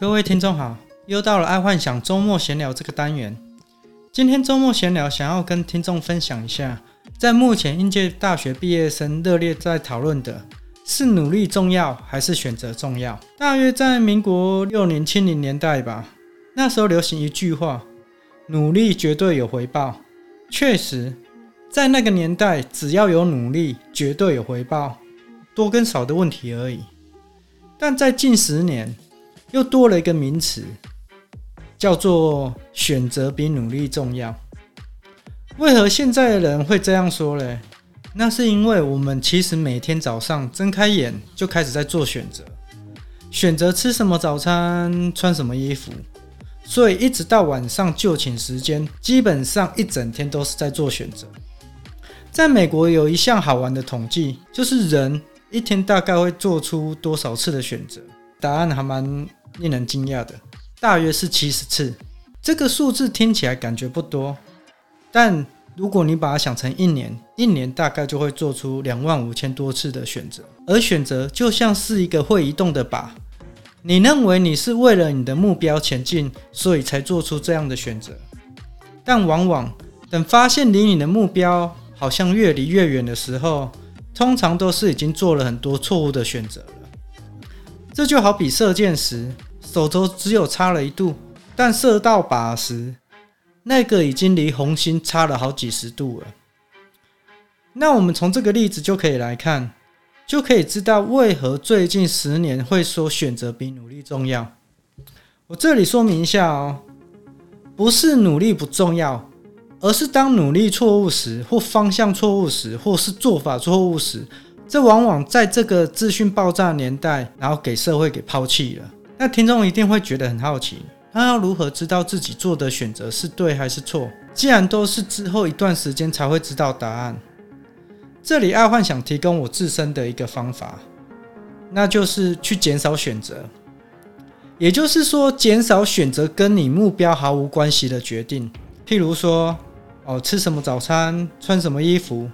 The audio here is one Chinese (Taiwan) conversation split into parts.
各位聽眾好，又到了愛幻想周末閒聊這個單元。今天周末閒聊，想要跟聽眾分享一下，在目前應屆大學畢業生熱烈在討論的是努力重要還是選擇重要。大約在民國六零、七零年代吧，那時候流行一句話：“努力絕對有回報。”確實，在那個年代，只要有努力，絕對有回報，多跟少的問題而已。但在近十年，又多了一個名詞，叫做“選擇比努力重要”。為何現在的人會這樣說呢？那是因為我們其實每天早上睜開眼就開始在做選擇，選擇吃什麼早餐、穿什麼衣服，所以一直到晚上就寢時間，基本上一整天都是在做選擇。在美國有一項好玩的統計，就是人一天大概會做出多少次的選擇。答案還蠻令人驚訝的，大約是七十次。這個數字聽起來感覺不多，但如果你把它想成一年，一年大概就會做出兩萬五千多次的選擇。而選擇就像是一個會移動的靶，你認為你是為了你的目標前進，所以才做出這樣的選擇。但往往等發現離你的目標好像越離越遠的時候，通常都是已經做了很多錯誤的選擇了。這就好比射箭時，手肘只有差了一度，但射到靶時，那個已經離紅心差了好幾十度了。那我們從這個例子就可以來看，就可以知道為何最近十年會說選擇比努力重要。我這裡說明一下哦，不是努力不重要，而是當努力錯誤時，或方向錯誤時，或是做法錯誤時。這往往在這個資訊爆炸年代，然後給社會給拋棄了。那聽眾一定會覺得很好奇，他要如何知道自己做的選擇是對還是錯？既然都是之後一段時間才會知道答案，這裡愛幻想提供我自身的一個方法，那就是去減少選擇。也就是說，減少選擇跟你目標毫無關係的決定，譬如說，哦，吃什麼早餐，穿什麼衣服。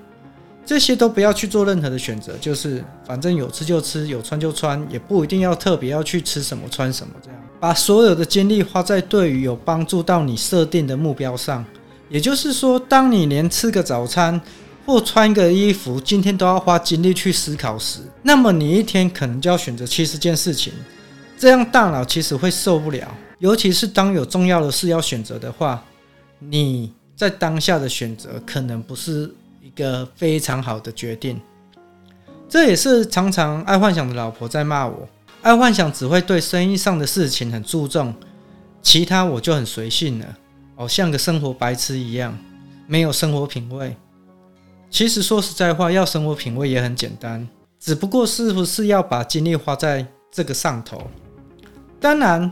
這些都不要去做任何的選擇，就是反正有吃就吃，有穿就穿，也不一定要特別要去吃什麼穿什麼。這樣把所有的精力花在對於有幫助到你設定的目標上。也就是說，當你連吃個早餐或穿一個衣服今天都要花精力去思考時，那麼你一天可能就要選擇七十件事情，這樣大腦其實會受不了。尤其是當有重要的事要選擇的話，你在當下的選擇可能不是。一個非常好的決定，這也是常常愛幻想的老婆在罵我。愛幻想只會對生意上的事情很注重，其他我就很隨性了，哦，像個生活白痴一樣，沒有生活品味。其實說實在話，要生活品味也很簡單，只不過是不是要把精力花在這個上頭？當然，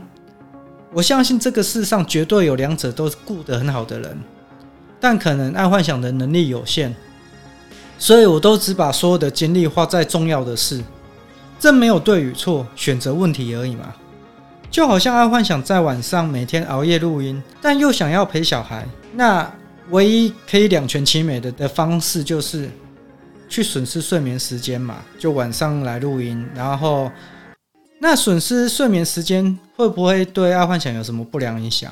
我相信這個世上絕對有兩者都是顧得很好的人，但可能愛幻想的能力有限。所以，我都只把所有的精力花在重要的事，這沒有對與錯，選擇問題而已嘛。就好像阿幻想，在晚上每天熬夜錄音，但又想要陪小孩，那唯一可以兩全其美的的方式就是去損失睡眠時間嘛，就晚上來錄音。然後，那損失睡眠時間會不會對阿幻想有什麼不良影響？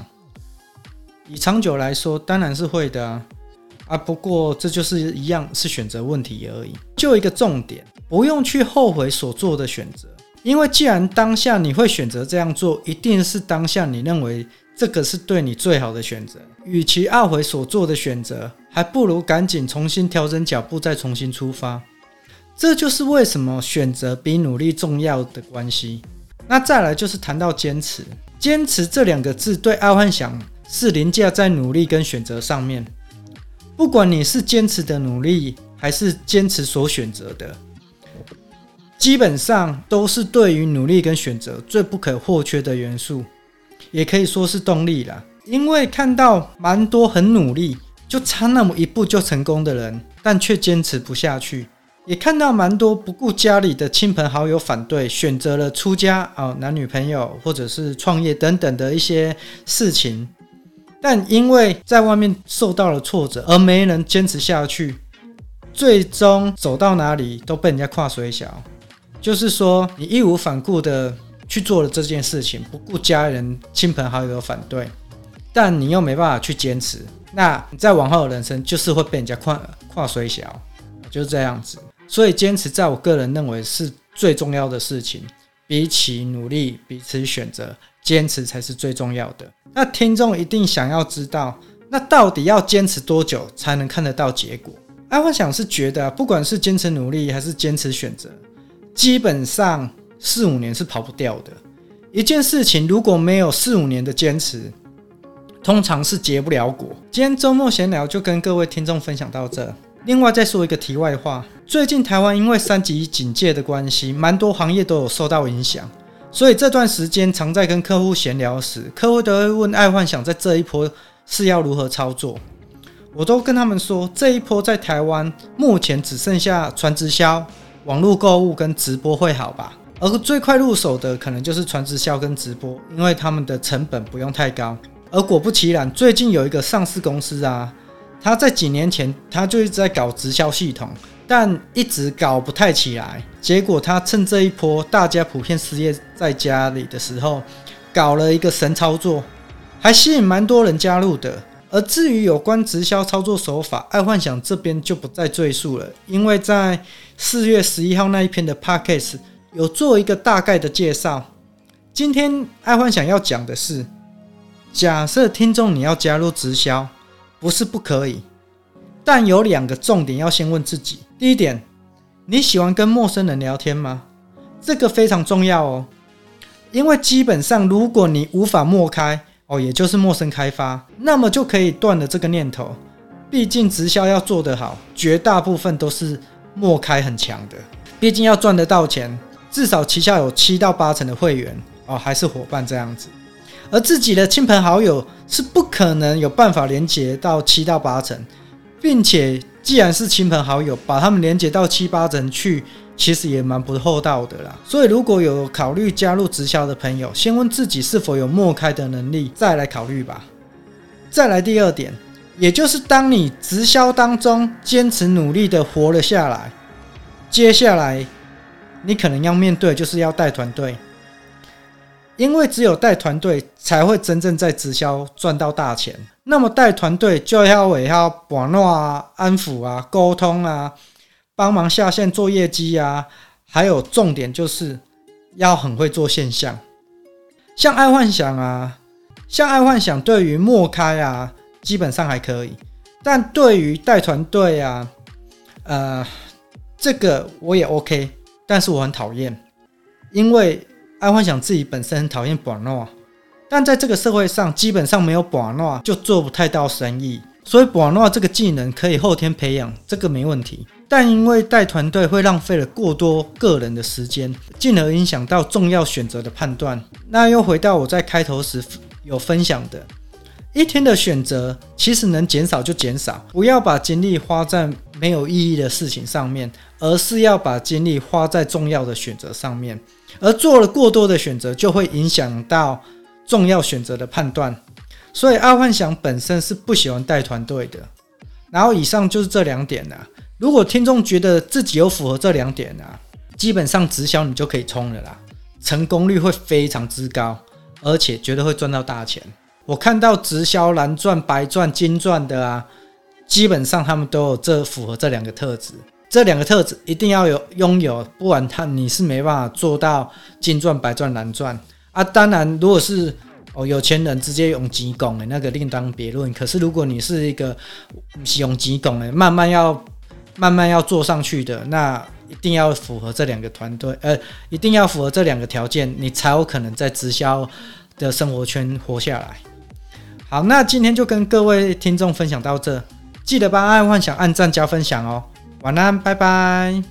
以長久來說，當然是會的啊。啊，不過這就是一樣是選擇問題而已，就一個重點，不用去後悔所做的選擇，因為既然當下你會選擇這樣做，一定是當下你認為這個是對你最好的選擇。與其懊悔所做的選擇，還不如趕緊重新調整腳步，再重新出發。這就是為什麼選擇比努力重要的關係。那再來就是談到堅持，堅持這兩個字對阿幻想是凌駕在努力跟選擇上面。不管你是堅持的努力，還是堅持所選擇的，基本上都是對於努力跟選擇最不可或缺的元素，也可以說是動力啦。因為看到蠻多很努力就差那麼一步就成功的人，但卻堅持不下去；也看到蠻多不顧家裡的親朋好友反對，選擇了出家、男女朋友或者是創業等等的一些事情。但因為在外面受到了挫折，而沒能堅持下去，最終走到哪裡都被人家看衰小。就是說，你義無反顧的去做了這件事情，不顧家人、親朋好友的反對，但你又沒辦法去堅持，那你在往後的人生就是會被人家看看衰小，就是這樣子。所以，堅持在我個人認為是最重要的事情，比起努力，比起選擇。堅持才是最重要的。那聽眾一定想要知道，那到底要堅持多久才能看得到結果？啊，我想是覺得，不管是堅持努力還是堅持選擇，基本上四五年是跑不掉的。一件事情如果沒有四五年的堅持，通常是結不了果。今天周末閒聊就跟各位聽眾分享到這。另外再說一個題外話，最近台灣因為三級警戒的關係，蠻多行業都有受到影響。所以這段時間常在跟客戶閒聊時，客戶都會問愛幻想在這一波是要如何操作。我都跟他們說，這一波在台灣目前只剩下傳直銷、網絡購物跟直播會好吧。而最快入手的可能就是傳直銷跟直播，因為他們的成本不用太高。而果不其然，最近有一個上市公司啊，他在幾年前他就一直在搞直銷系統，但一直搞不太起來，結果他趁這一波大家普遍失業在家裡的時候，搞了一個神操作，還吸引蠻多人加入的。而至於有關直銷操作手法，愛幻想這邊就不再贅述了，因為在四月十一號那一篇的 podcast 有做一個大概的介紹。今天愛幻想要講的是，假設聽眾你要加入直銷，不是不可以。但有兩個重點要先問自己。第一點，你喜歡跟陌生人聊天嗎？這個非常重要哦，因為基本上如果你無法陌開哦，也就是陌生開發，那麼就可以斷了這個念頭。畢竟直銷要做得好，絕大部分都是陌開很強的。畢竟要賺得到錢，至少旗下有七到八成的會員哦，還是伙伴這樣子。而自己的親朋好友是不可能有辦法連接到七到八成。並且，既然是親朋好友，把他們連接到七八人去，其實也蠻不厚道的啦。所以，如果有考慮加入直銷的朋友，先問自己是否有莫開的能力，再來考慮吧。再來第二點，也就是當你直銷當中堅持努力的活了下來，接下來你可能要面對就是要帶團隊。因為只有帶團隊才會真正在直銷賺到大錢。那麼帶團隊就要維護網絡啊、安撫啊、溝通啊、幫忙下線做業績啊，還有重點就是要很會做現象。像愛幻想啊，像愛幻想對於陌開啊，基本上還可以，但對於帶團隊啊，呃，這個我也 OK，但是我很討厭，因為。愛、啊、幻想自己本身很討厭 b r 但在這個社會上，基本上沒有 b r 就做不太到生意。所以 b r 這個技能可以後天培養，這個沒問題。但因為帶團隊會浪費了過多個人的時間，進而影響到重要選擇的判斷。那又回到我在開頭時有分享的，一天的選擇其實能減少就減少，不要把精力花在沒有意義的事情上面，而是要把精力花在重要的選擇上面。而做了過多的選擇，就會影響到重要選擇的判斷。所以，阿幻想本身是不喜歡帶團隊的。然後，以上就是這兩點啦、啊。如果聽眾覺得自己有符合這兩點啊，基本上直銷你就可以衝了啦，成功率會非常之高，而且絕對會賺到大錢。我看到直銷藍鑽、白鑽、金鑽的啊，基本上他們都有這符合這兩個特質。這兩個特質一定要有擁有，不然他你是沒辦法做到金鑽、白鑽、藍鑽啊！當然，如果是哦有錢人直接用急拱的那個另當別論。可是如果你是一個使、嗯、用急拱的，慢慢要慢慢要做上去的，那一定要符合這兩個團隊，呃，一定要符合這兩個條件，你才有可能在直銷的生活圈活下來。好，那今天就跟各位聽眾分享到這，記得幫愛幻想按讚加分享哦。晚安，拜拜。